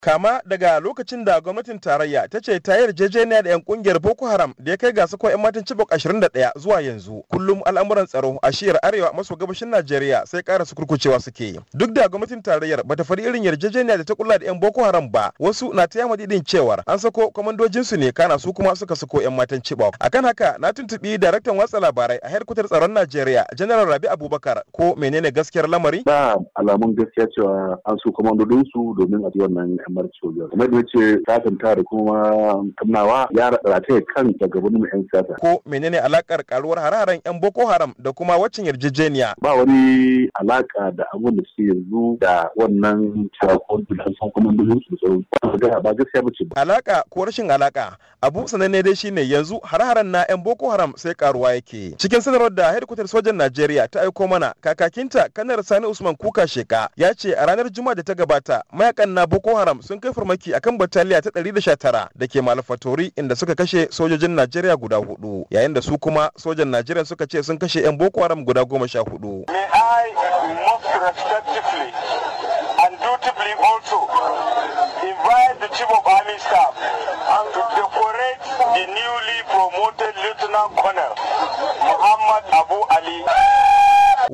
kama daga lokacin da gwamnatin tarayya ta ce ta yarjejeniya da 'yan kungiyar boko haram da ya kai ga sako 'yan matan cibok 21 zuwa yanzu kullum al'amuran tsaro a shiyar arewa maso gabashin najeriya sai kara su kurkucewa suke duk da gwamnatin tarayyar bata faɗi irin yarjejeniya da ta kulla da 'yan boko haram ba wasu na ta yama didin cewar an sako kwamandojinsu su ne kana su kuma suka sako 'yan matan cibok akan haka na tuntubi daraktan watsa labarai a harkutar tsaron najeriya janar rabi abubakar ko menene gaskiyar lamari ba alamun gaskiya cewa an su domin a ji wannan kamar sau kuma da ce ta da kuma kamnawa ya rataya kan shugabannin yan siyasa ko menene alakar karuwar hararen yan boko haram da kuma wacin yarjejeniya ba wani alaka da abun da su yanzu da wannan cakon da su kuma da su ba gaskiya ba ce ba alaka ko rashin alaka abu sananne dai shine yanzu hararen na yan boko haram sai karuwa yake cikin sanarwar da hedkwatar sojan najeriya ta aiko mana kakakinta kanar sani usman kuka sheka ya ce a ranar juma'a da ta gabata mayakan na boko haram sun kai farmaki akan bataliya ta 119 da ke Malafatori inda suka kashe sojojin Najeriya guda hudu yayin da su kuma sojan Najeriya suka ce sun kashe 'yan Boko Haram guda goma sha hudu. also invite the chief of army staff to decorate the newly promoted lieutenant colonel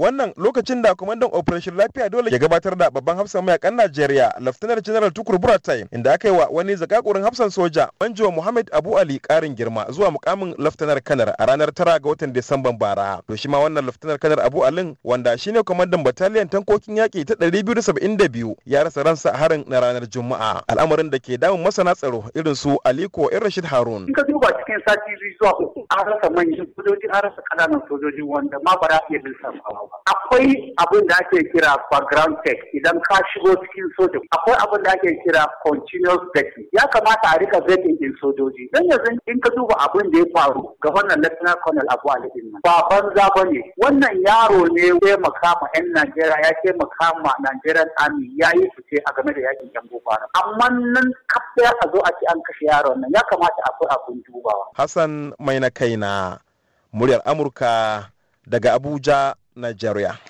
wannan lokacin da kwamandan operation lafiya dole ya gabatar da babban hafsan mayakan najeriya laftanar general tukur buratai inda aka yi wa wani zakakurin hafsan soja banjo muhammad abu ali karin girma zuwa mukamin laftanar kanar a ranar tara ga watan disamban bara to shi ma wannan laftanar kanar abu alin wanda shine kwamandan bataliyan tankokin yaki ta 272 ya rasa ransa a harin na ranar juma'a al'amarin da ke damun masana tsaro irin su aliko ir rashid harun in ka duba cikin sati zuwa uku an rasa manyan sojoji an rasa ƙananan sojoji wanda ma ba iya ba akwai abin da ake kira background check idan ka shigo cikin soja akwai abin da ake kira continuous vetting ya kamata a rika vetting din sojoji dan yanzu in ka duba abin da ya faru ga wannan lieutenant colonel Abu Ali din nan ba banza wannan yaro ne ya makama yan Najeriya ya ce makama Nigerian Army ya yi fice a game da yakin yan Boko Haram amma nan kafa a zo a ce an kashe yaron nan ya kamata akwai abin dubawa Hassan mai na kai na muryar Amurka daga Abuja Nigeria.